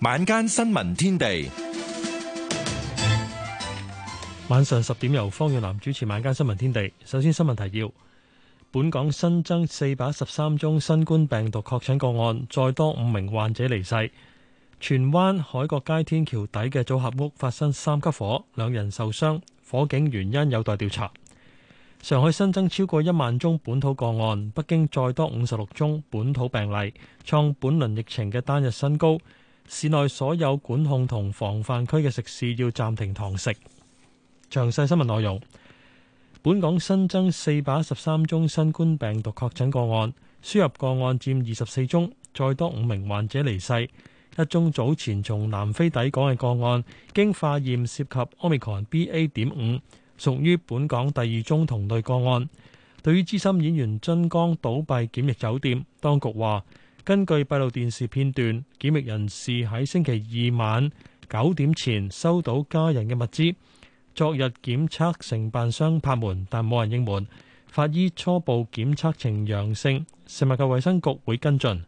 晚間新聞天地，晚上十點由方遠南主持《晚間新聞天地》。首先新聞提要：本港新增四百一十三宗新冠病毒確診個案，再多五名患者離世。荃灣海角街天橋底嘅組合屋發生三級火，兩人受傷，火警原因有待調查。上海新增超過一萬宗本土個案，北京再多五十六宗本土病例，創本輪疫情嘅單日新高。市內所有管控同防範區嘅食肆要暫停堂食。詳細新聞內容，本港新增四百一十三宗新冠病毒確診個案，輸入個案佔二十四宗，再多五名患者離世。一宗早前從南非抵港嘅個案，經化驗涉及 Omicron BA. 點五，屬於本港第二宗同類個案。對於資深演員曾江倒斃檢疫酒店，當局話。根據閉路電視片段，檢疫人士喺星期二晚九點前收到家人嘅物資。昨日檢測承辦商拍門，但冇人應門。法醫初步檢測呈陽性，食物及衛生局會跟進。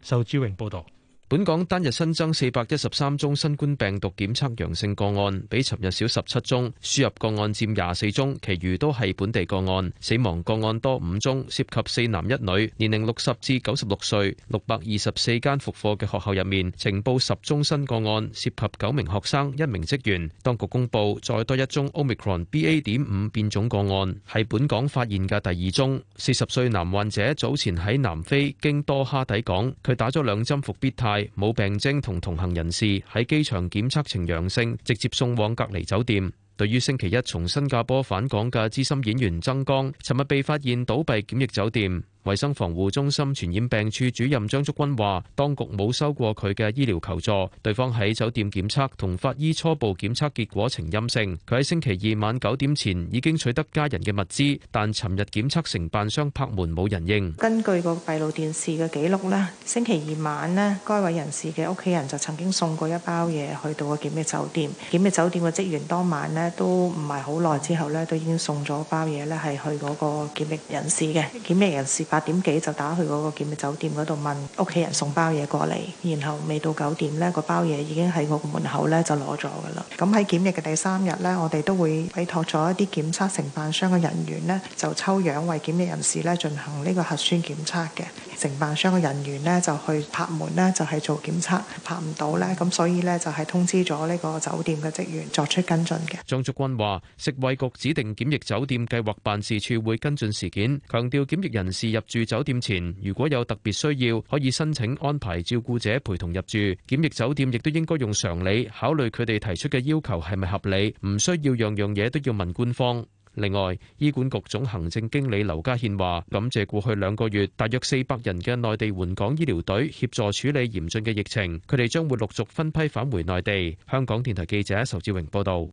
受志榮報道。本港單日新增四百一十三宗新冠病毒檢測陽性個案，比尋日少十七宗。輸入個案佔廿四宗，其餘都係本地個案。死亡個案多五宗，涉及四男一女，年齡六十至九十六歲。六百二十四間復課嘅學校入面，呈報十宗新個案，涉及九名學生、一名職員。當局公佈再多一宗 Omicron BA 點五變種個案，係本港發現嘅第二宗。四十歲男患者早前喺南非經多哈抵港，佢打咗兩針伏必泰。冇病徵同同行人士喺機場檢測呈陽性，直接送往隔離酒店。對於星期一從新加坡返港嘅資深演員曾江，尋日被發現倒斃檢疫酒店。衛生防護中心傳染病處主任張竹君話，當局冇收過佢嘅醫療求助，對方喺酒店檢測同法醫初步檢測結果呈陰性。佢喺星期二晚九點前已經取得家人嘅物資，但尋日檢測承辦商拍門冇人應。根據個閉路電視嘅記錄呢，星期二晚呢，該位人士嘅屋企人就曾經送過一包嘢去到個檢疫酒店，檢疫酒店嘅職員當晚呢，都唔係好耐之後呢，都已經送咗包嘢呢係去嗰個檢疫人士嘅檢疫人士。八點幾就打去嗰個檢疫酒店嗰度問屋企人送包嘢過嚟，然後未到九點呢，個包嘢已經喺我個門口呢就攞咗㗎啦。咁喺檢疫嘅第三日呢，我哋都會委託咗一啲檢測承辦商嘅人員呢，就抽樣為檢疫人士呢進行呢個核酸檢測嘅。承辦商嘅人員呢，就去拍門呢就係做檢測拍唔到呢。咁所以呢，就係通知咗呢個酒店嘅職員作出跟進嘅。張竹君話：食衛局指定檢疫酒店計劃辦事處會跟進事件，強調檢疫人士入住酒店前如果有特別需要，可以申請安排照顧者陪同入住。檢疫酒店亦都應該用常理考慮佢哋提出嘅要求係咪合理，唔需要樣樣嘢都要問官方。另外，醫管局總行政經理劉家憲話，感謝過去兩個月大約四百人嘅內地援港醫療隊協助處理嚴峻嘅疫情，佢哋將會陸續分批返回內地。香港電台記者仇志榮報道。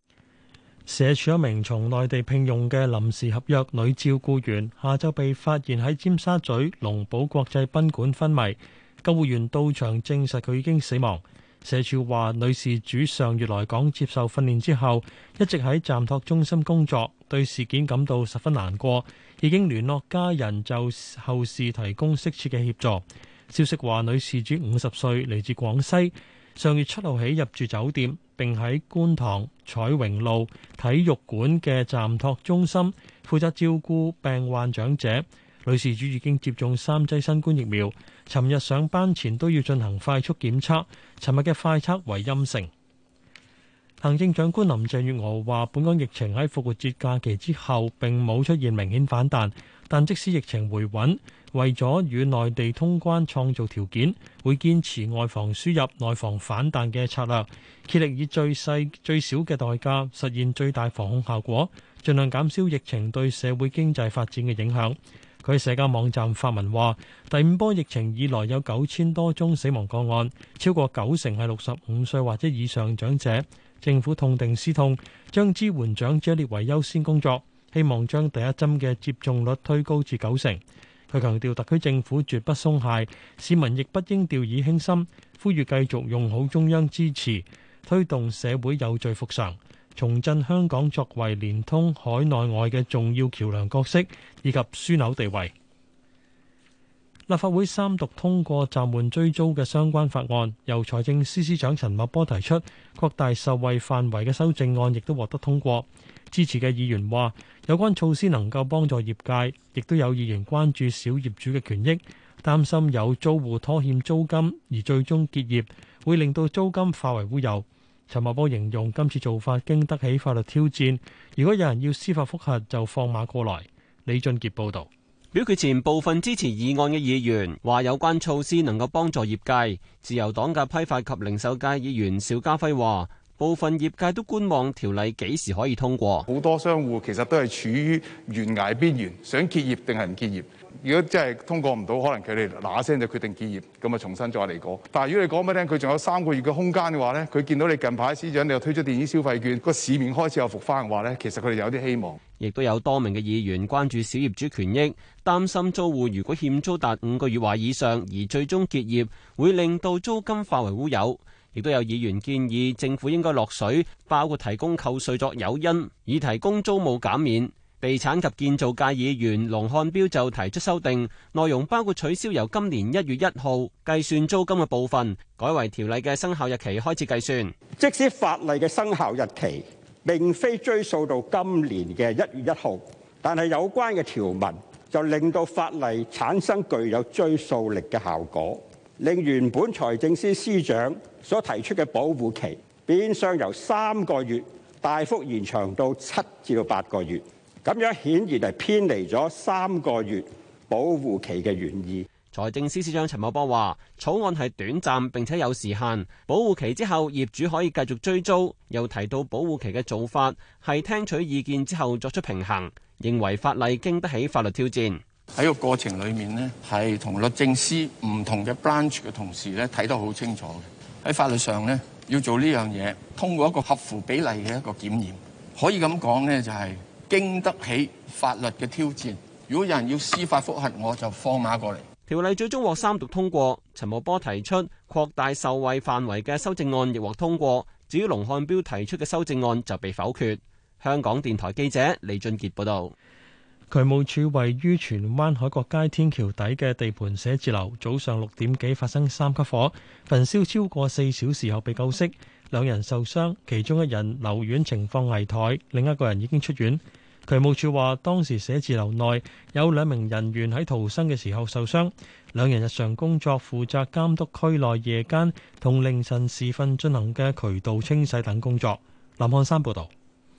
社署一名從內地聘用嘅臨時合約女照顧員，下晝被發現喺尖沙咀龍堡國際賓館昏迷，救護員到場證實佢已經死亡。社處話，女事主上月來港接受訓練之後，一直喺暫托中心工作，對事件感到十分難過，已經聯絡家人就後事提供適切嘅協助。消息話，女事主五十歲，嚟自廣西，上月七號起入住酒店，並喺觀塘彩榮路體育館嘅暫托中心負責照顧病患長者。女事主已經接種三劑新冠疫苗，尋日上班前都要進行快速檢測。尋日嘅快測為陰性。行政長官林鄭月娥話，本港疫情喺復活節假期之後並冇出現明顯反彈，但即使疫情回穩，為咗與內地通關創造條件，會堅持外防輸入、內防反彈嘅策略，竭力以最細最少嘅代價實現最大防控效果，盡量減少疫情對社會經濟發展嘅影響。佢社交網站發文話：第五波疫情以來有九千多宗死亡個案，超過九成係六十五歲或者以上長者。政府痛定思痛，將支援長者列為優先工作，希望將第一針嘅接種率推高至九成。佢強調特區政府絕不鬆懈，市民亦不應掉以輕心，呼籲繼續用好中央支持，推動社會有序復常。重振香港作為連通海內外嘅重要橋梁角色以及樞紐地位。立法會三讀通過暫緩追租嘅相關法案，由財政司司長陳茂波提出擴大受惠範圍嘅修正案，亦都獲得通過。支持嘅議員話：有關措施能夠幫助業界，亦都有議員關注小業主嘅權益，擔心有租戶拖欠租金而最終結業，會令到租金化為烏有。陳茂波形容今次做法經得起法律挑戰，如果有人要司法複核，就放馬過來。李俊杰報道，表決前部分支持議案嘅議員話有關措施能夠幫助業界。自由黨嘅批發及零售界議員邵家輝話，部分業界都觀望條例幾時可以通過。好多商戶其實都係處於懸崖邊緣，想結業定係唔結業？如果真係通過唔到，可能佢哋嗱嗱聲就決定結業，咁啊重新再嚟過。但係如果你講俾佢聽，佢仲有三個月嘅空間嘅話呢，佢見到你近排司長你又推出電子消費券，個市面開始有復翻嘅話呢，其實佢哋有啲希望。亦都有多名嘅議員關注小業主權益，擔心租戶如果欠租達五個月或以上，而最終結業，會令到租金化為烏有。亦都有議員建議政府應該落水，包括提供扣稅作誘因，以提供租務減免。地產及建造界議員龍漢標就提出修訂，內容包括取消由今年一月一號計算租金嘅部分，改為條例嘅生效日期開始計算。即使法例嘅生效日期並非追溯到今年嘅一月一號，但係有關嘅條文就令到法例產生具有追溯力嘅效果，令原本財政司司長所提出嘅保護期變相由三個月大幅延長到七至到八個月。咁樣顯然係偏離咗三個月保護期嘅原意。財政司司長陳茂波話：草案係短暫並且有時限，保護期之後，業主可以繼續追租。又提到保護期嘅做法係聽取意見之後作出平衡，認為法例經得起法律挑戰。喺個過程裡面，呢係同律政司唔同嘅 branch 嘅同事咧睇得好清楚嘅，喺法律上呢，要做呢樣嘢，通過一個合乎比例嘅一個檢驗，可以咁講呢就係、是。經得起法律嘅挑戰，如果有人要司法複核，我就放馬過嚟。條例最終獲三讀通過。陳茂波提出擴大受惠範圍嘅修正案亦獲通過，至於龍漢標提出嘅修正案就被否決。香港電台記者李俊杰報道。渠務署位於荃灣海角街天橋底嘅地盤寫字樓，早上六點幾發生三級火，焚燒超過四小時後被救熄，兩人受傷，其中一人留院情況危殆，另一個人已經出院。渠務署話，當時寫字樓內有兩名人員喺逃生嘅時候受傷，兩人日常工作負責監督區內夜間同凌晨時分進行嘅渠道清洗等工作。林漢山報道。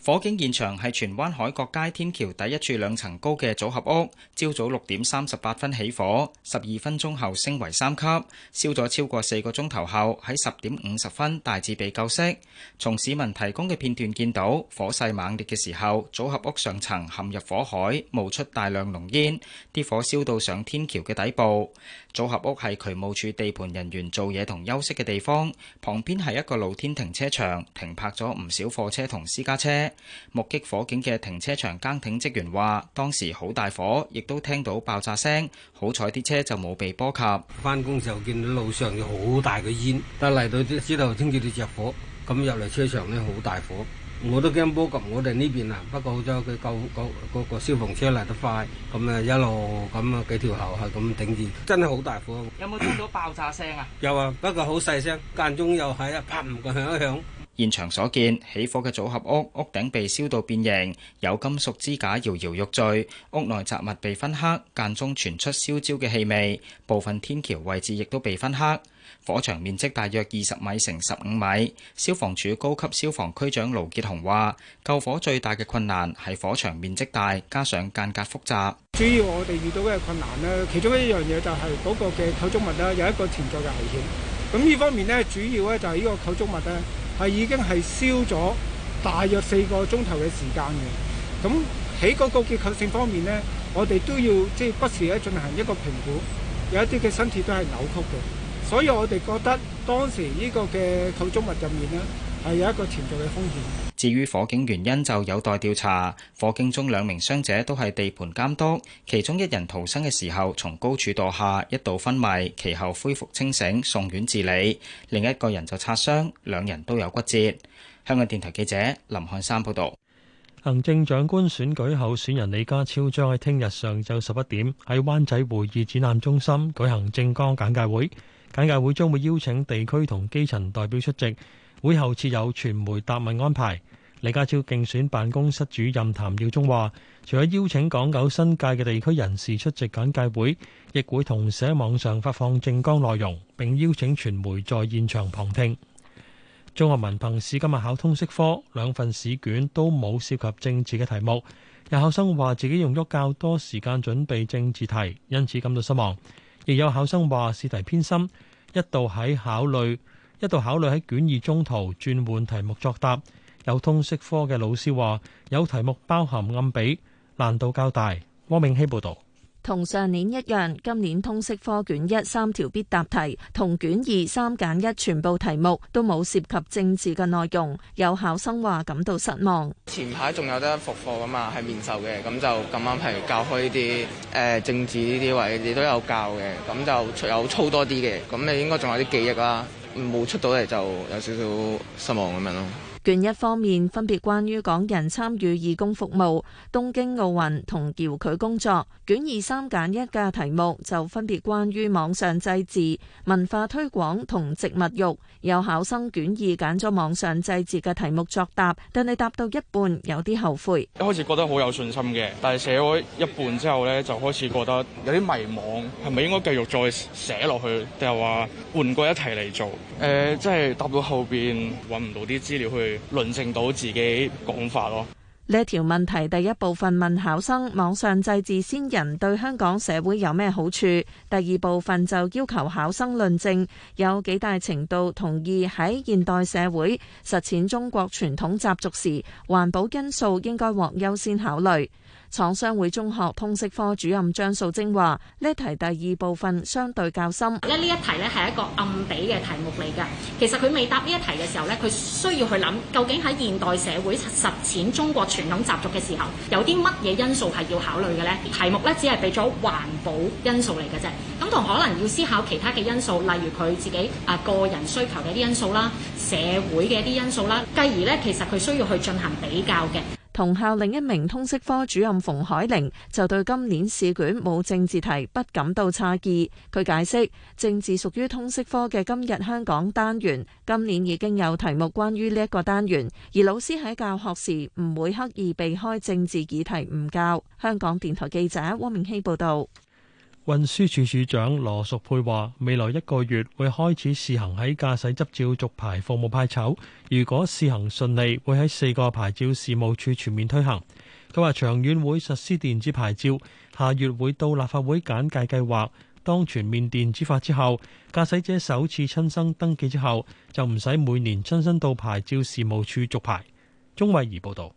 火警現場係荃灣海角街天橋第一處兩層高嘅組合屋，朝早六點三十八分起火，十二分鐘後升為三級，燒咗超過四個鐘頭後，喺十點五十分大致被救熄。從市民提供嘅片段見到，火勢猛烈嘅時候，組合屋上層陷入火海，冒出大量濃煙，啲火燒到上天橋嘅底部。組合屋係渠務署地盤人員做嘢同休息嘅地方，旁邊係一個露天停車場，停泊咗唔少貨車同私家車。目擊火警嘅停車場更亭職員話，當時好大火，亦都聽到爆炸聲，好彩啲車就冇被波及。翻工時候見到路上有好大嘅煙，但嚟到知道，先知道着火，咁入嚟車場呢，好大火。我都驚波及我哋呢邊啊！不過好在佢救救嗰個消防車嚟得快，咁啊一路咁啊幾條喉係咁頂住，真係好大火。有冇聽到爆炸聲啊？有啊，不過好細聲，間中又係啊啪咁響一響。現場所見，起火嘅組合屋屋頂被燒到變形，有金屬支架搖搖欲墜，屋內雜物被燻黑，間中傳出燒焦嘅氣味，部分天橋位置亦都被燻黑。火場面積大約二十米乘十五米，消防處高級消防區長盧傑雄話：救火最大嘅困難係火場面積大，加上間隔複雜。主要我哋遇到嘅困難呢，其中一樣嘢就係嗰個嘅構築物呢有一個潛在嘅危險。咁呢方面呢，主要咧就係呢個構築物呢係已經係燒咗大約四個鐘頭嘅時間嘅。咁喺嗰個結構性方面呢，我哋都要即係不時咧進行一個評估，有一啲嘅身鐵都係扭曲嘅。所以我哋覺得當時呢個嘅構築物入面呢係有一個潛在嘅風險。至於火警原因就有待調查。火警中兩名傷者都係地盤監督，其中一人逃生嘅時候從高處墮下，一度昏迷，其後恢復清醒送院治理；另一個人就擦傷，兩人都有骨折。香港電台記者林漢山報道。行政長官選舉候選人李家超將喺聽日上晝十一點喺灣仔會議展覽中心舉行政綱簡介會。簡介會將會邀請地區同基層代表出席，會後設有傳媒答問安排。李家超競選辦公室主任譚耀宗話：除咗邀請港九新界嘅地區人士出席簡介會，亦會同時喺網上發放政綱內容，並邀請傳媒在現場旁聽。中學文憑試今日考通識科，兩份試卷都冇涉及政治嘅題目，有考生話自己用咗較多時間準備政治題，因此感到失望。亦有考生話試題偏心，一度喺考慮一度考慮喺卷二中途轉換題目作答。有通識科嘅老師話，有題目包含暗比，難度較大。汪明希報導。同上年一樣，今年通識科卷一三條必答題，同卷二三揀一全部題目都冇涉及政治嘅內容，有考生話感到失望。前排仲有得復課噶嘛，係面授嘅，咁就咁啱係教開呢啲誒政治呢啲位，你都有教嘅，咁就有操多啲嘅，咁你應該仲有啲記憶啦。冇出到嚟就有少少失望咁樣咯。卷一方面分別關於港人參與義工服務、東京奧運同僑區工作。卷二三揀一嘅題目就分別關於網上祭祀、文化推廣同植物育。有考生卷二揀咗網上祭祀嘅題目作答，但係答到一半有啲後悔。一開始覺得好有信心嘅，但係寫咗一半之後呢，就開始覺得有啲迷惘，係咪應該繼續再寫落去，定係話換過一題嚟做？誒、呃，即、就、係、是、答到後邊揾唔到啲資料去。論證到自己講法囉。呢條問題第一部分問考生網上祭祀先人對香港社會有咩好處？第二部分就要求考生論證有幾大程度同意喺現代社會實踐中國傳統習俗時，環保因素應該獲優先考慮。廠商會中學通識科主任張素貞話：呢題第二部分相對較深。咧呢一題咧係一個暗比嘅題目嚟噶。其實佢未答呢一題嘅時候，呢佢需要去諗究竟喺現代社會實踐中國傳統習俗嘅時候，有啲乜嘢因素係要考慮嘅呢？題目呢，只係俾咗環保因素嚟嘅啫。咁同可能要思考其他嘅因素，例如佢自己啊個人需求嘅啲因素啦，社會嘅啲因素啦，繼而呢，其實佢需要去進行比較嘅。同校另一名通識科主任馮海玲就對今年試卷冇政治題不感到詫異，佢解釋政治屬於通識科嘅今日香港單元，今年已經有題目關於呢一個單元，而老師喺教學時唔會刻意避開政治議題唔教。香港電台記者汪明希報道。運輸署署長羅淑佩話，未來一個月會開始試行喺駕駛執照續牌服務派籌，如果試行順利，會喺四個牌照事務處全面推行。佢話長遠會實施電子牌照，下月會到立法會簡介計劃。當全面電子化之後，駕駛者首次親身登記之後，就唔使每年親身到牌照事務處續牌。鍾慧儀報道。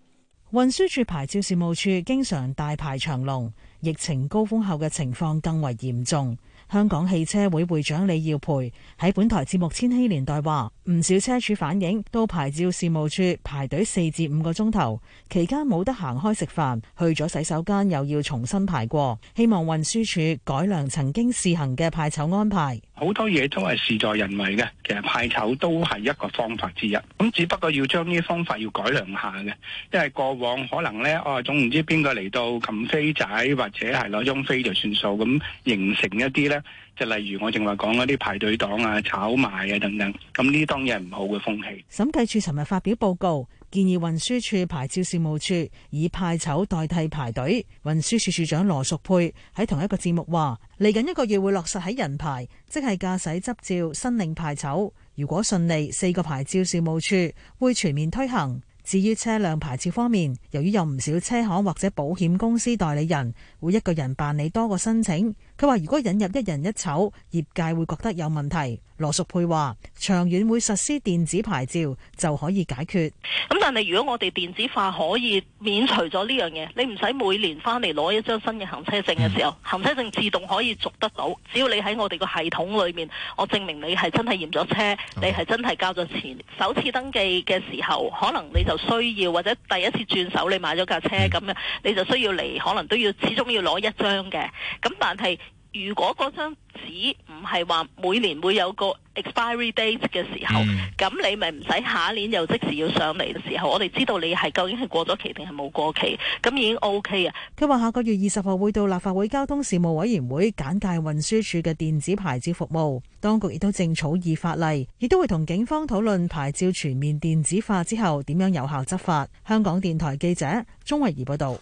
運輸署牌照事務處經常大排長龍。疫情高峰後嘅情況更為嚴重。香港汽車會會長李耀培喺本台節目《千禧年代》話，唔少車主反映到牌照事務處排隊四至五個鐘頭，期間冇得行開食飯，去咗洗手間又要重新排過。希望運輸署改良曾經試行嘅派籌安排。好多嘢都係事在人為嘅，其實派籌都係一個方法之一，咁只不過要將呢啲方法要改良下嘅，因為過往可能咧哦，總唔知邊個嚟到撳飛仔，或者係攞張飛就算數，咁形成一啲咧。就例如我正話講嗰啲排隊黨啊、炒賣啊等等，咁呢當然係唔好嘅風氣。審計署尋日發表報告，建議運輸署牌照事務處以派籌代替排隊。運輸署署長羅淑佩喺同一個節目話：嚟緊一個月會落實喺人牌，即係駕駛執照申領派籌。如果順利，四個牌照事務處會全面推行。至於車輛牌照方面，由於有唔少車行或者保險公司代理人會一個人辦理多個申請，佢話：如果引入一人一醜，業界會覺得有問題。羅淑佩話：長遠會實施電子牌照就可以解決。咁但係如果我哋電子化可以免除咗呢樣嘢，你唔使每年返嚟攞一張新嘅行車證嘅時候，嗯、行車證自動可以續得到。只要你喺我哋個系統裏面，我證明你係真係驗咗車，你係真係交咗錢，首次登記嘅時候，可能你就需要或者第一次轉手你買咗架車咁、嗯、樣，你就需要嚟，可能都要始終要攞一張嘅。咁但係如果嗰張紙唔係話每年會有個 expiry date 嘅時候，咁、嗯、你咪唔使下年又即時要上嚟嘅時候，我哋知道你係究竟係過咗期定係冇過期，咁已經 OK 啊！佢話下個月二十號會到立法會交通事務委員會簡介運輸署嘅電子牌照服務，當局亦都正草擬法例，亦都會同警方討論牌照全面電子化之後點樣有效執法。香港電台記者鍾慧儀報道。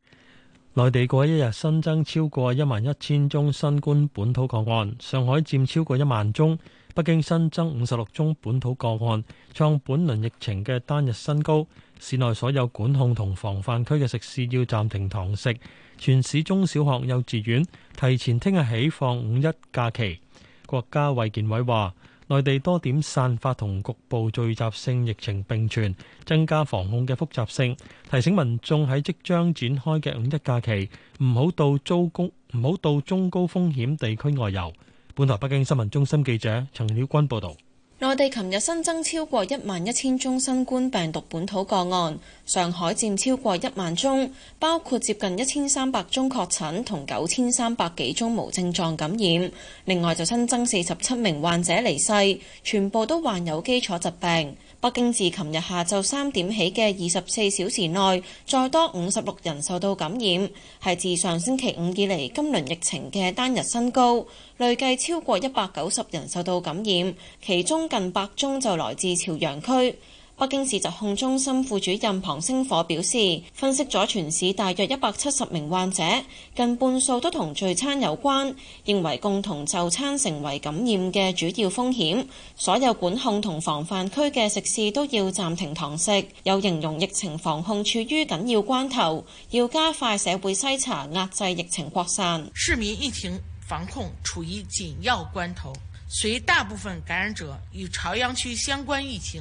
內地過一日新增超過一萬一千宗新冠本土個案，上海佔超過一萬宗，北京新增五十六宗本土個案，創本輪疫情嘅單日新高。市內所有管控同防範區嘅食肆要暫停堂食，全市中小學、幼稚園提前聽日起放五一假期。國家衛健委話：內地多點散發同局部聚集性疫情並存，增加防控嘅複雜性，提醒民眾喺即將展開嘅五一假期唔好到中高，唔好到中高風險地區外遊。本台北京新聞中心記者陳曉君報導。內地琴日新增超過一萬一千宗新冠病毒本土個案，上海佔超過一萬宗，包括接近一千三百宗確診同九千三百幾宗無症狀感染。另外就新增四十七名患者離世，全部都患有基礎疾病。北京自琴日下晝三點起嘅二十四小時內，再多五十六人受到感染，係自上星期五以嚟今輪疫情嘅單日新高，累計超過一百九十人受到感染，其中近百宗就來自朝陽區。北京市疾控中心副主任龐星火表示，分析咗全市大約一百七十名患者，近半數都同聚餐有關，認為共同就餐成為感染嘅主要風險。所有管控同防範區嘅食肆都要暫停堂食。又形容疫情防控處於緊要關頭，要加快社會篩查，壓制疫情擴散。市民疫情防控處於緊要關頭，隨大部分感染者與朝陽區相關疫情。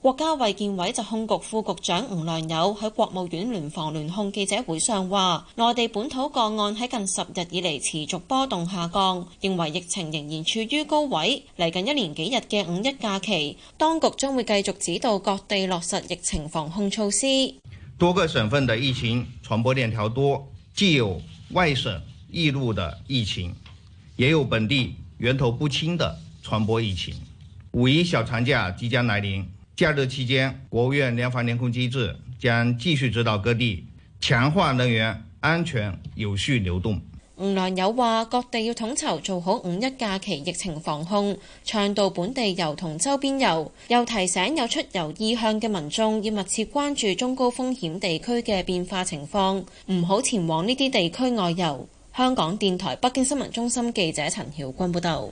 國家衛健委疾控局副局長吳良友喺國務院聯防聯控記者會上話：內地本土個案喺近十日以嚟持續波動下降，認為疫情仍然處於高位。嚟近一年幾日嘅五一假期，當局將會繼續指導各地落實疫情防控措施。多個省份的疫情傳播鏈條多，既有外省溢路的疫情，也有本地源頭不清的傳播疫情。五一小長假即將來臨。假日期間，國務院聯防聯控機制將繼續指導各地強化能源安全有序流動。吳良友話：各地要統籌做好五一假期疫情防控，倡導本地遊同周邊遊，又提醒有出遊意向嘅民眾要密切關注中高風險地區嘅變化情況，唔好前往呢啲地區外遊。香港電台北京新聞中心記者陳曉君報道。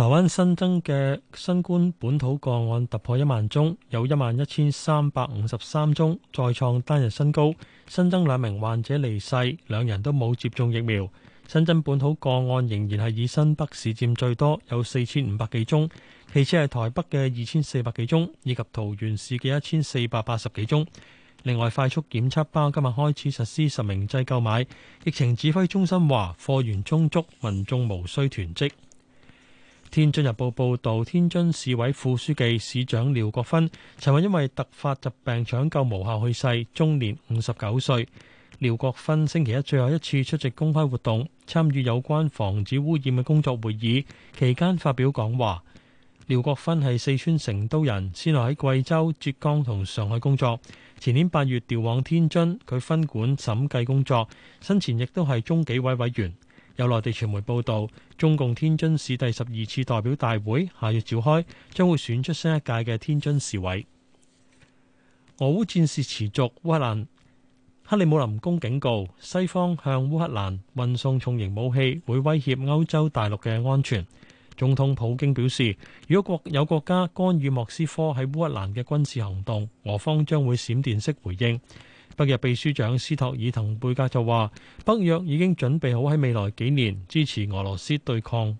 台灣新增嘅新冠本土個案突破一萬宗，有一萬一千三百五十三宗，再創單日新高。新增兩名患者離世，兩人都冇接種疫苗。新增本土個案仍然係以新北市占最多，有四千五百幾宗，其次係台北嘅二千四百幾宗，以及桃園市嘅一千四百八十幾宗。另外，快速檢測包今日開始實施實名制購買。疫情指揮中心話，貨源充足，民眾無需囤積。天津日報報道，天津市委副書記、市長廖國芬昨日因為突發疾病搶救無效去世，終年五十九歲。廖國芬星期一最後一次出席公開活動，參與有關防止污染嘅工作會議期間發表講話。廖國芬係四川成都人，先後喺貴州、浙江同上海工作。前年八月調往天津，佢分管審計工作，生前亦都係中紀委委員。有內地傳媒報導，中共天津市第十二次代表大會下月召開，將會選出新一屆嘅天津市委。俄烏戰事持續，烏克蘭克里姆林宮警告，西方向烏克蘭運送重型武器會威脅歐洲大陸嘅安全。總統普京表示，如果國有國家干預莫斯科喺烏克蘭嘅軍事行動，俄方將會閃電式回應。北約秘書長斯托爾滕貝格就話：北約已經準備好喺未來幾年支持俄羅斯對抗，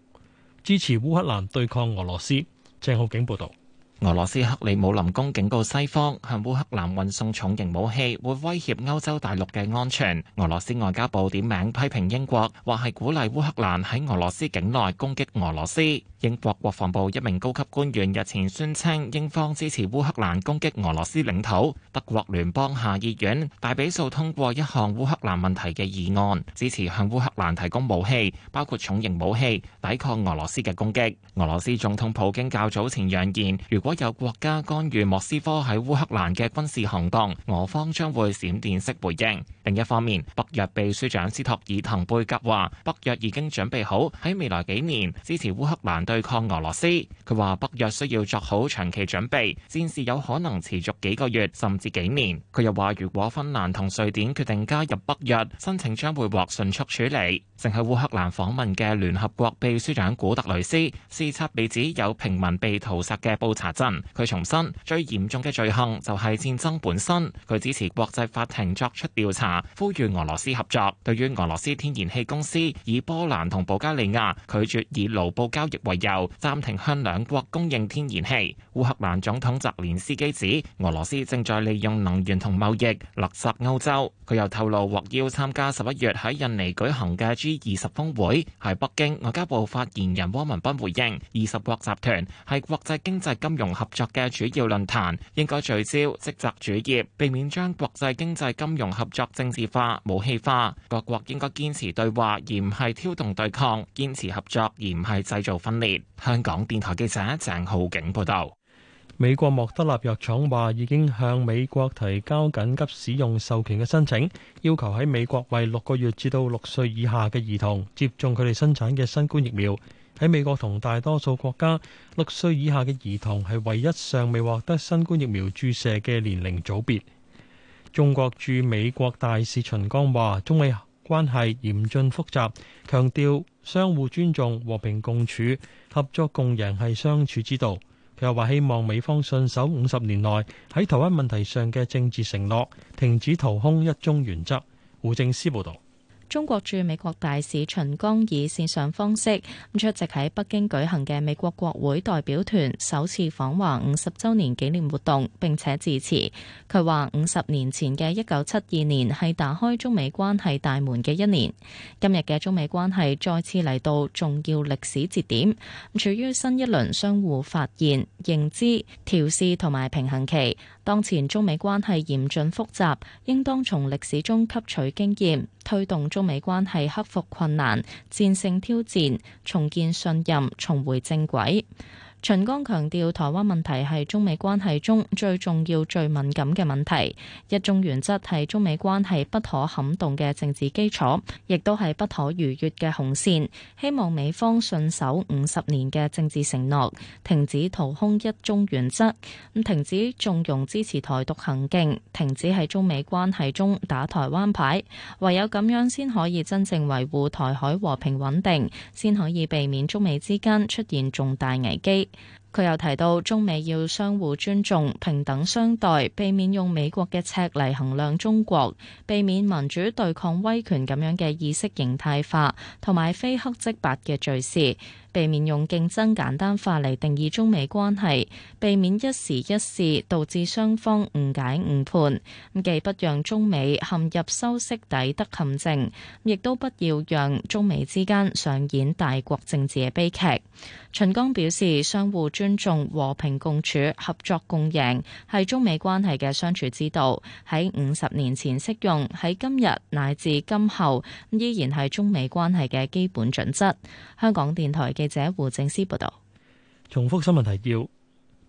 支持烏克蘭對抗俄羅斯。鄭浩景報道。俄羅斯克里姆林宮警告西方，向烏克蘭運送重型武器會威脅歐洲大陸嘅安全。俄羅斯外交部點名批評英國，話係鼓勵烏克蘭喺俄羅斯境內攻擊俄羅斯。英國國防部一名高級官員日前宣稱，英方支持烏克蘭攻擊俄羅斯領土。德國聯邦下議院大比數通過一項烏克蘭問題嘅議案，支持向烏克蘭提供武器，包括重型武器，抵抗俄羅斯嘅攻擊。俄羅斯總統普京較早前揚言，如果所有國家干預莫斯科喺烏克蘭嘅軍事行動，俄方將會閃電式回應。另一方面，北約秘書長斯托爾滕貝格話：北約已經準備好喺未來幾年支持烏克蘭對抗俄羅斯。佢話北約需要作好長期準備，戰事有可能持續幾個月甚至幾年。佢又話：如果芬蘭同瑞典決定加入北約，申請將會獲迅速處理。正喺烏克蘭訪問嘅聯合國秘書長古特雷斯，視察被指有平民被屠殺嘅布查。佢重申最嚴重嘅罪行就係戰爭本身。佢支持國際法庭作出調查，呼籲俄羅斯合作。對於俄羅斯天然氣公司以波蘭同保加利亞拒絕以盧布交易為由暫停向兩國供應天然氣，烏克蘭總統澤連斯基指俄羅斯正在利用能源同貿易勒索歐洲。佢又透露獲邀參加十一月喺印尼舉行嘅 G 二十峰會。喺北京，外交部發言人汪文斌回應：二十國集團係國際經濟金融合作嘅主要論壇應該聚焦職責主業，避免將國際經濟金融合作政治化、武器化。各國應該堅持對話，而唔係挑動對抗；堅持合作，而唔係製造分裂。香港電台記者鄭浩景報道。美國莫德納藥廠話已經向美國提交緊急使用授權嘅申請，要求喺美國為六個月至到六歲以下嘅兒童接種佢哋生產嘅新冠疫苗。喺美國同大多數國家，六歲以下嘅兒童係唯一尚未獲得新冠疫苗注射嘅年齡組別。中國駐美國大使秦剛話：中美關係嚴峻複雜，強調相互尊重、和平共處、合作共贏係相處之道。佢又話：希望美方信守五十年內喺台灣問題上嘅政治承諾，停止掏空一中原則。胡正思報道。中國駐美國大使秦剛以線上方式出席喺北京舉行嘅美國國會代表團首次訪華五十週年紀念活動，並且致辭。佢話：五十年前嘅一九七二年係打開中美關係大門嘅一年。今日嘅中美關係再次嚟到重要歷史節點，處於新一輪相互發現、認知、調試同埋平衡期。當前中美關係嚴峻複雜，應當從歷史中吸取經驗，推動中美關係克服困難、戰勝挑戰、重建信任、重回正軌。秦剛強調，台灣問題係中美關係中最重要、最敏感嘅問題。一中原則係中美關係不可撼動嘅政治基礎，亦都係不可逾越嘅紅線。希望美方信守五十年嘅政治承諾，停止掏空一中原則，咁停止縱容支持台獨行徑，停止喺中美關係中打台灣牌。唯有咁樣先可以真正維護台海和平穩定，先可以避免中美之間出現重大危機。佢又提到，中美要相互尊重、平等相待，避免用美國嘅尺嚟衡量中國，避免民主對抗威權咁樣嘅意識形態化同埋非黑即白嘅敘事避免用競爭簡單化嚟定義中美關係，避免一時一事導致雙方誤解誤判。既不讓中美陷入修昔底德陷阱，亦都不要讓中美之間上演大國政治嘅悲劇。秦剛表示，相互尊重、和平共處、合作共贏，係中美關係嘅相處之道，喺五十年前適用，喺今日乃至今後依然係中美關係嘅基本準則。香港電台。記者胡正思報道：重複新聞提要，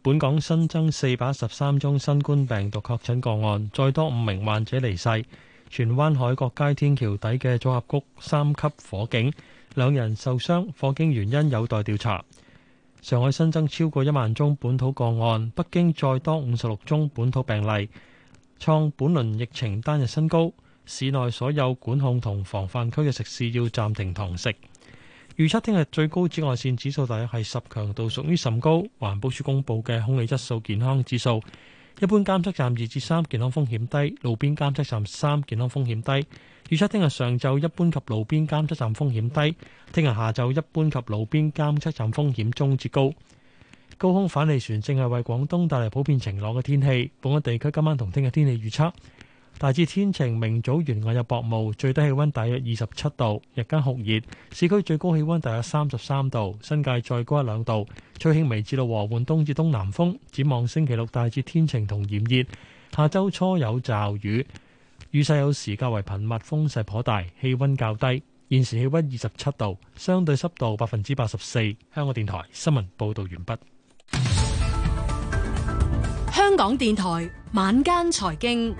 本港新增四百一十三宗新冠病毒確診個案，再多五名患者離世。荃灣海角街天橋底嘅組合谷三級火警，兩人受傷，火警原因有待調查。上海新增超過一萬宗本土個案，北京再多五十六宗本土病例，創本輪疫情單日新高。市內所有管控同防範區嘅食肆要暫停堂食。預測聽日最高紫外線指數大約係十，強度屬於甚高。環保署公布嘅空氣質素健康指數，一般監測站二至三，健康風險低；路邊監測站三，健康風險低。預測聽日上晝一般及路邊監測站風險低，聽日下晝一般及路邊監測站風險中至高。高空反氣旋正係為廣東帶嚟普遍晴朗嘅天氣。本港地區今晚同聽日天氣預測。大致天晴，明早沿岸有薄霧，最低氣溫大約二十七度，日間酷熱，市區最高氣溫大約三十三度，新界再高一兩度，吹輕微至到和緩東至東南風，展望星期六大致天晴同炎熱，下周初有驟雨，雨勢有時較為頻密，風勢頗大，氣溫較低，現時氣溫二十七度，相對濕度百分之八十四，香港電台新聞報道完畢。香港電台晚間財經。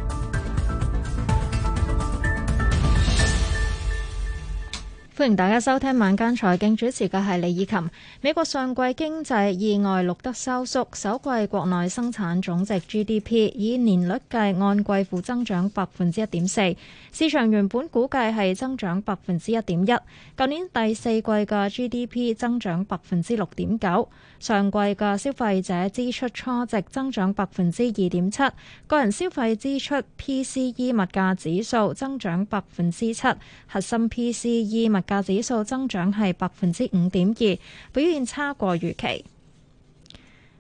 歡迎大家收聽晚間財經，主持嘅係李以琴。美國上季經濟意外錄得收縮，首季國內生產總值 GDP 以年率計按季負增長百分之一點四，市場原本估計係增長百分之一點一。舊年第四季嘅 GDP 增長百分之六點九，上季嘅消費者支出初值增長百分之二點七，個人消費支出 PCE 物價指數增長百分之七，核心 PCE 物價指數增長係百分之五點二，表現差過預期。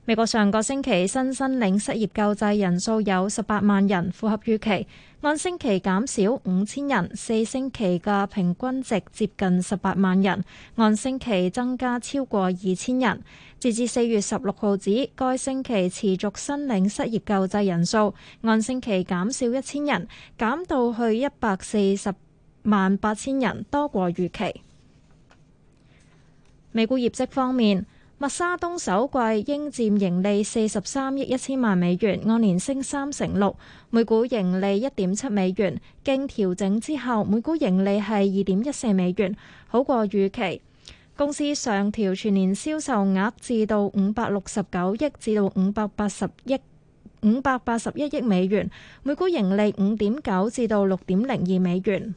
美國上個星期新申領失業救濟人數有十八萬人，符合預期。按星期減少五千人，四星期嘅平均值接近十八萬人。按星期增加超過二千人。截至四月十六號止，該星期持續申領失業救濟人數按星期減少一千人，減到去一百四十萬八千人，多過預期。美股業績方面，默沙東首季應佔盈，盈利四十三億一千萬美元，按年升三成六，每股盈利一點七美元，經調整之後每股盈利係二點一四美元，好過預期。公司上調全年銷售額至到五百六十九億至到五百八十億五百八十一億美元，每股盈利五點九至到六點零二美元。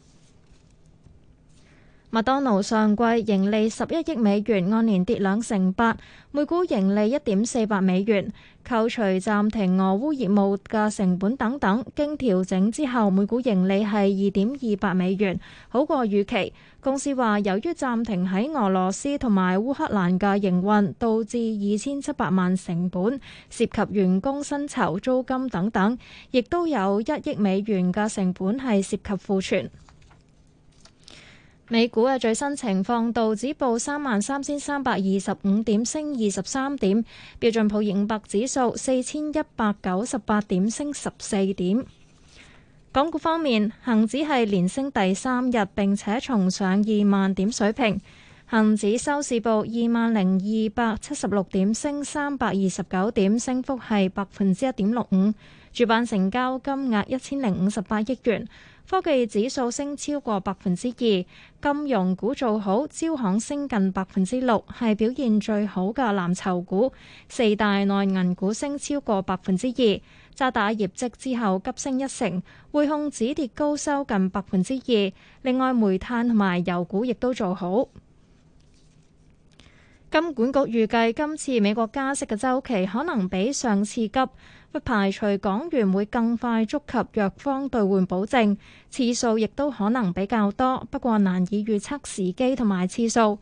麥當勞上季盈利十一億美元，按年跌兩成八，每股盈利一點四八美元。扣除暫停俄烏業務嘅成本等等，經調整之後，每股盈利係二點二八美元，好過預期。公司話由於暫停喺俄羅斯同埋烏克蘭嘅營運，導致二千七百萬成本涉及員工薪酬、租金等等，亦都有一億美元嘅成本係涉及庫存。美股嘅最新情況，道指報三萬三千三百二十五點，升二十三點；標準普爾五百指數四千一百九十八點，升十四點。港股方面，恒指係連升第三日，並且重上二萬點水平。恒指收市報二萬零二百七十六點，升三百二十九點，升幅係百分之一點六五。主板成交金額一千零五十八億元。科技指數升超過百分之二，金融股做好，招行升近百分之六，係表現最好嘅藍籌股。四大內銀股升超過百分之二，渣打業績之後急升一成，匯控止跌高收近百分之二。另外，煤炭同埋油股亦都做好。金管局預計今次美國加息嘅周期可能比上次急。不排除港元會更快觸及弱方兌換保證，次數，亦都可能比較多，不過難以預測時機同埋次數。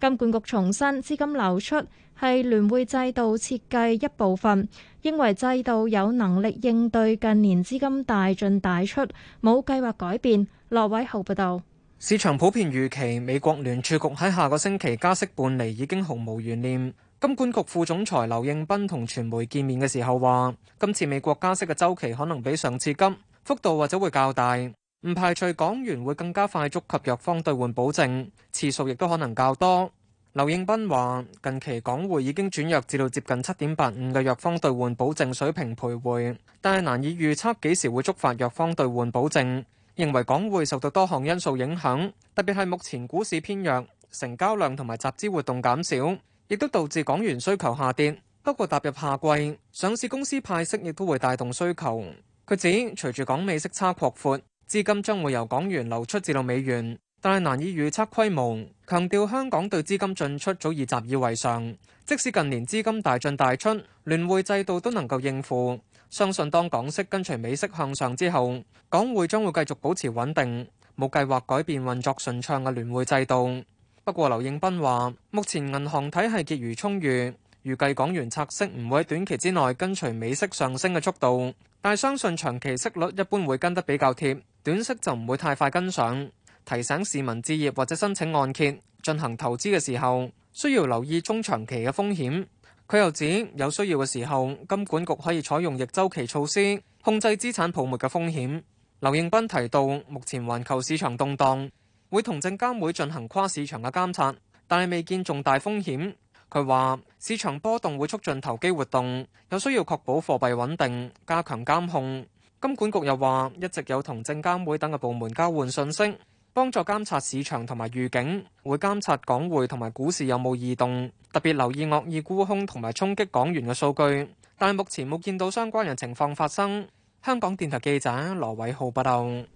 金管局重申資金流出係聯匯制度設計一部分，認為制度有能力應對近年資金大進大出，冇計劃改變，駱偉浩報道。市場普遍預期美國聯儲局喺下個星期加息半釐已經毫無懸念。金管局副總裁劉應斌同傳媒見面嘅時候話，今次美國加息嘅週期可能比上次急，幅度或者會較大，唔排除港元會更加快觸及弱方兌換保證，次數亦都可能較多。劉應斌話，近期港匯已經轉弱至到接近七點八五嘅弱方兌換保證水平徘徊，但係難以預測幾時會觸發弱方兌換保證。認為港匯受到多項因素影響，特別係目前股市偏弱，成交量同埋集資活動減少。亦都導致港元需求下跌。不過踏入夏季，上市公司派息亦都會帶動需求。佢指隨住港美息差擴闊，資金將會由港元流出至到美元，但係難以預測規模。強調香港對資金進出早已習以為常，即使近年資金大進大出，聯匯制度都能夠應付。相信當港息跟隨美息向上之後，港匯將會繼續保持穩定，冇計劃改變運作順暢嘅聯匯制度。不過，劉應斌話：目前銀行體系結餘充裕，預計港元拆息唔會喺短期之內跟隨美息上升嘅速度，但相信長期息率一般會跟得比較貼，短息就唔會太快跟上。提醒市民置業或者申請按揭進行投資嘅時候，需要留意中長期嘅風險。佢又指，有需要嘅時候，金管局可以採用逆週期措施，控制資產泡沫嘅風險。劉應斌提到，目前環球市場動盪。會同證監會進行跨市場嘅監察，但係未見重大風險。佢話市場波動會促進投機活動，有需要確保貨幣穩定，加強監控。金管局又話一直有同證監會等嘅部門交換信息，幫助監察市場同埋預警，會監察港匯同埋股市有冇異動，特別留意惡意沽空同埋衝擊港元嘅數據，但係目前冇見到相關嘅情況發生。香港電台記者羅偉浩報導。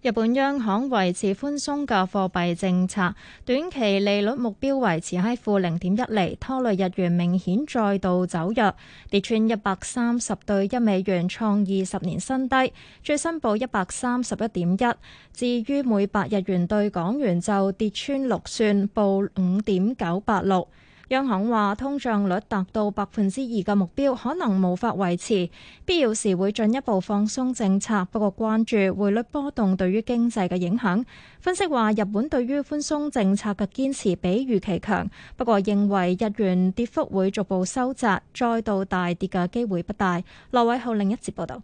日本央行維持寬鬆嘅貨幣政策，短期利率目標維持喺負零點一厘，拖累日元明顯再度走弱，跌穿一百三十對一美元，創二十年新低，最新報一百三十一點一。至於每百日元對港元就跌穿六算，報五點九八六。央行話通脹率達到百分之二嘅目標可能無法維持，必要時會進一步放鬆政策。不過關注匯率波動對於經濟嘅影響，分析話日本對於寬鬆政策嘅堅持比預期強。不過認為日元跌幅會逐步收窄，再度大跌嘅機會不大。羅偉浩另一節報道。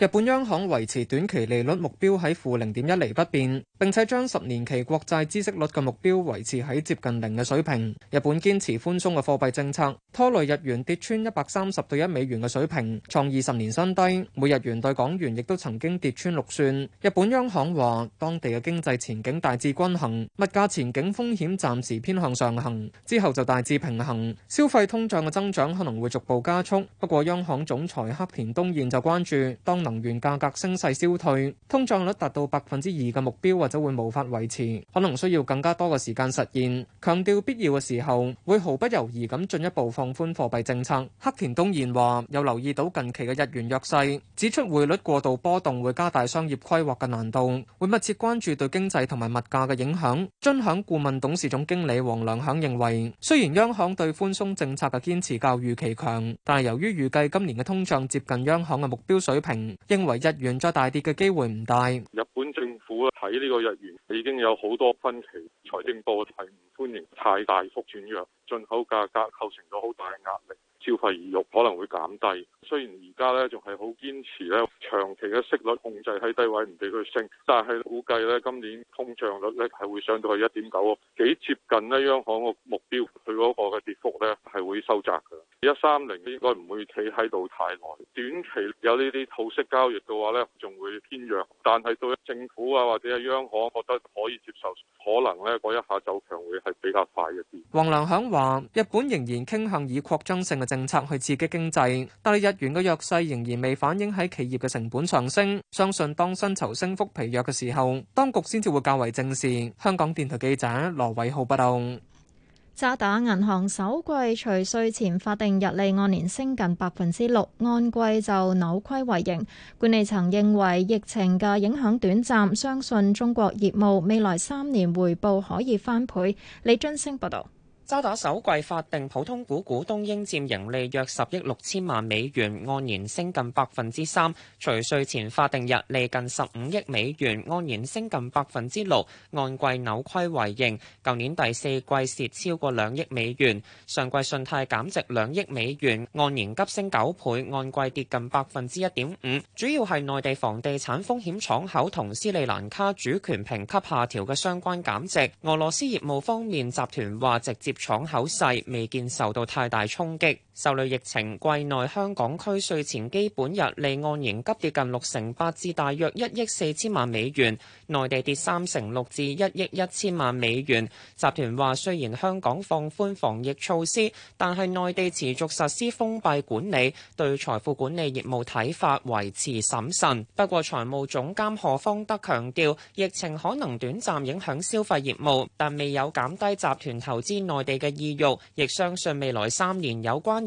日本央行維持短期利率目標喺負零點一厘不變，並且將十年期國債孳息率嘅目標維持喺接近零嘅水平。日本堅持寬鬆嘅貨幣政策，拖累日元跌穿一百三十對一美元嘅水平，創二十年新低。每日元兌港元亦都曾經跌穿六算。日本央行話，當地嘅經濟前景大致均衡，物價前景風險暫時偏向上行，之後就大致平衡。消費通脹嘅增長可能會逐步加速，不過央行總裁黑田東彥就關注當。能源價格升勢消退，通脹率達到百分之二嘅目標或者會無法維持，可能需要更加多嘅時間實現。強調必要嘅時候會毫不猶豫咁進一步放寬貨幣政策。黑田東彥話有留意到近期嘅日元弱勢，指出匯率過度波動會加大商業規劃嘅難度，會密切關注對經濟同埋物價嘅影響。津享顧問董事總經理黃良享認為，雖然央行對寬鬆政策嘅堅持較預期強，但係由於預計今年嘅通脹接近央行嘅目標水平。認為日元再大跌嘅機會唔大。日本政府啊睇呢個日元已經有好多分歧。財政部係唔歡迎太大幅轉弱。進口價格構成咗好大嘅壓力，消費意欲可能會減低。雖然而家咧仲係好堅持咧，長期嘅息率控制喺低位，唔俾佢升。但係估計咧今年通脹率咧係會上到去一點九哦，幾接近咧央行個目標。佢嗰個嘅跌幅咧係會收窄噶。一三零應該唔會企喺度太耐，短期有呢啲套息交易嘅話呢仲會偏弱。但係對政府啊或者係央行，覺得可以接受，可能呢嗰一下走強會係比較快一啲。黃良響話：日本仍然傾向以擴張性嘅政策去刺激經濟，但係日元嘅弱勢仍然未反映喺企業嘅成本上升。相信當薪酬升幅疲弱嘅時候，當局先至會較為正視。香港電台記者羅偉浩報道。渣打銀行首季除稅前法定日利按年升近百分之六，按季就扭虧為盈。管理層認為疫情嘅影響短暫，相信中國業務未來三年回報可以翻倍。李津星報導。渣打首季法定普通股股東應佔盈利約十億六千萬美元，按年升近百分之三；除稅前法定溢利近十五億美元，按年升近百分之六，按季扭虧為盈。舊年第四季蝕超過兩億美元，上季信貸減值兩億美元，按年急升九倍，按季跌近百分之一點五，主要係內地房地產風險敞口同斯里蘭卡主權評級下調嘅相關減值。俄羅斯業務方面，集團話直接。廠口細，未見受到太大衝擊。受累疫情，季內香港區稅前基本溢利，按年急跌近六成八至大約一億四千萬美元；內地跌三成六至一億一千萬美元。集團話，雖然香港放寬防疫措施，但係內地持續實施封閉管理，對財富管理業務睇法維持審慎。不過財務總監何方德強調，疫情可能短暫影響消費業務，但未有減低集團投資內地嘅意欲，亦相信未來三年有關。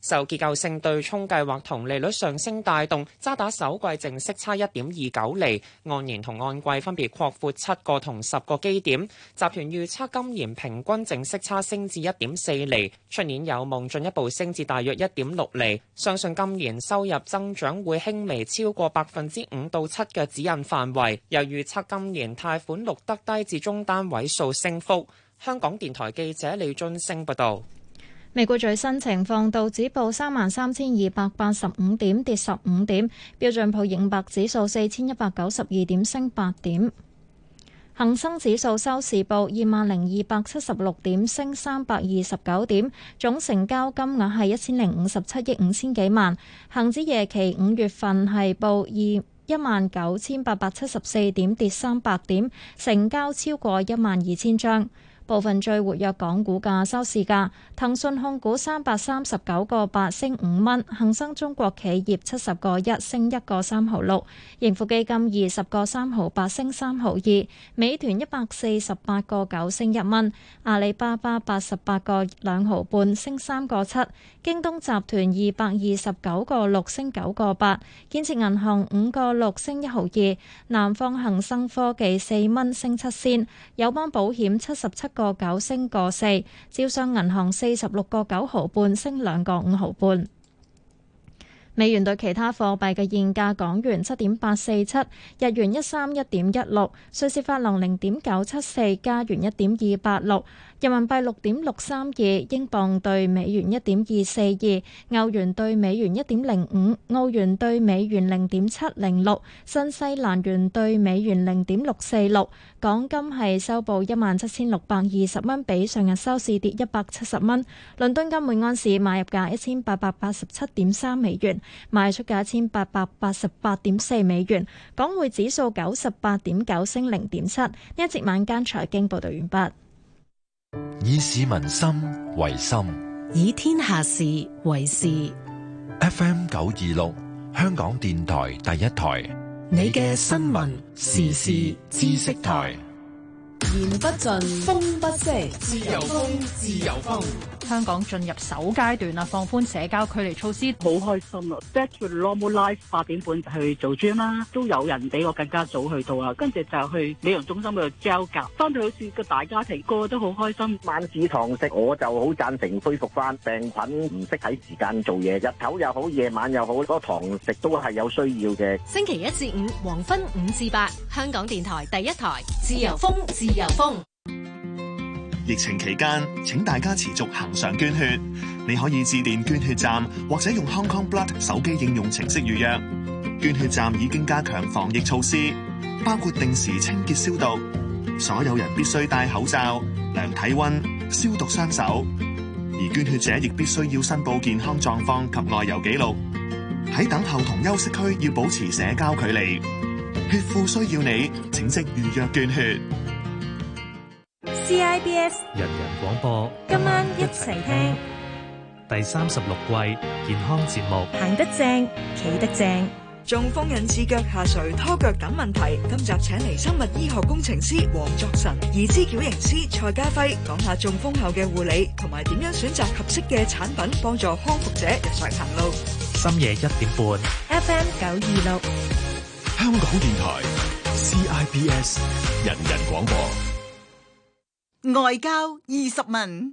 受結構性對沖計劃同利率上升帶動，渣打首季淨息差一點二九厘，按年同按季分別擴闊七個同十個基點。集團預測今年平均淨息差升至一點四厘，出年有望進一步升至大約一點六厘。相信今年收入增長會輕微超過百分之五到七嘅指引範圍。又預測今年貸款錄得低至中單位數升幅。香港電台記者李津升報道。美國最新情況，道指報三萬三千二百八十五點，跌十五點；標準普爾五百指數四千一百九十二點，升八點；恒生指數收市報二萬零二百七十六點，升三百二十九點；總成交金額係一千零五十七億五千幾萬。恒指夜期五月份係報二一萬九千八百七十四點，跌三百點，成交超過一萬二千張。部分最活躍港股價收市價：騰訊控股三百三十九個八升五蚊，恒生中國企業七十個一升一個三毫六，盈富基金二十個三毫八升三毫二，美團一百四十八個九升一蚊，阿里巴巴八十八個兩毫半升三個七，京東集團二百二十九個六升九個八，建設銀行五個六升一毫二，南方恒生科技四蚊升七仙，友邦保險七十七個九升個四，招商銀行四十六個九毫半升兩個五毫半。美元兌其他貨幣嘅現價，港元七點八四七，日元一三一點一六，瑞士法郎零點九七四，加元一點二八六。人民幣六點六三二，英鎊對美元一點二四二，歐元對美元一點零五，澳元對美元零點七零六，新西蘭元對美元零點六四六。港金係收報一萬七千六百二十蚊，比上日收市跌一百七十蚊。倫敦金每安士買入價一千八百八十七點三美元，賣出價一千八百八十八點四美元。港匯指數九十八點九升零點七。呢一節晚間財經報導完畢。以市民心為心，以天下事為事。FM 九二六，香港電台第一台，你嘅新聞、時事、知識台。言不盡，風不息，自由風，自由風。香港進入首階段啦，放寬社交距離措施，好開心啊！That's normal life。八點半去做 gym 啦，都有人比我更加早去到啊。跟住就去美容中心度 gel 甲，翻到好似個大家庭，個個都好開心。晚市堂食，我就好贊成恢復翻病菌，唔識喺時間做嘢，日頭又好，夜晚又好，嗰堂食都係有需要嘅。星期一至五黃昏五至八，香港電台第一台自由風自油封。風疫情期間，請大家持續行善捐血。你可以致電捐血站，或者用 Hong Kong Blood 手機應用程式預約。捐血站已經加強防疫措施，包括定時清潔消毒，所有人必須戴口罩、量體溫、消毒雙手。而捐血者亦必須要申報健康狀況及外遊記錄。喺等候同休息區要保持社交距離。血庫需要你，請即預約捐血。CIBS 人人廣播，今晚一齊聽第三十六季健康節目。行得正，企得正，中風引致腳下垂、拖腳等問題。今集請嚟生物醫學工程師黃作臣、義肢矯形師蔡家輝，講下中風後嘅護理同埋點樣選擇合適嘅產品幫助康復者日常行路。深夜一點半，FM 九二六，香港電台 CIBS 人人廣播。外交二十問，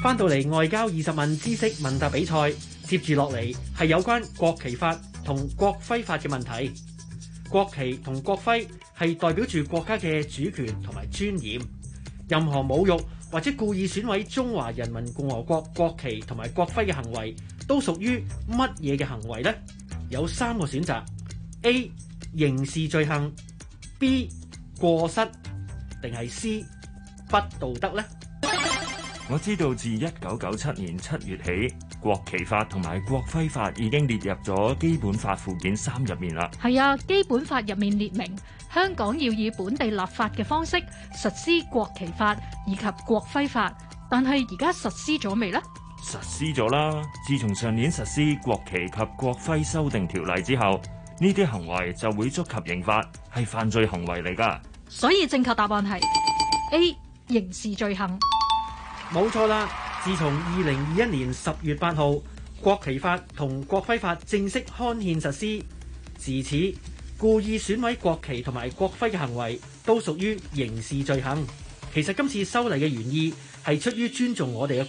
翻到嚟外交二十問知識問答比賽，接住落嚟係有關國旗法同國徽法嘅問題。國旗同國徽係代表住國家嘅主權同埋尊嚴，任何侮辱或者故意損毀中華人民共和國國旗同埋國徽嘅行為，都屬於乜嘢嘅行為呢？有三個選擇，A。刑事罪行，B 過失，定係 C 不道德呢？我知道自一九九七年七月起，國旗法同埋國徽法已經列入咗基本法附件三入面啦。係啊，基本法入面列明香港要以本地立法嘅方式實施國旗法以及國徽法，但係而家實施咗未呢？實施咗啦，自從上年實施國旗及國徽修訂條例之後。呢啲行為就會觸及刑法，係犯罪行為嚟噶。所以正確答案係 A，刑事罪行冇錯啦。自從二零二一年十月八號國旗法同國徽法正式刊憲實施，自此故意損毀國旗同埋國徽嘅行為都屬於刑事罪行。其實今次修例嘅原意係出於尊重我哋嘅。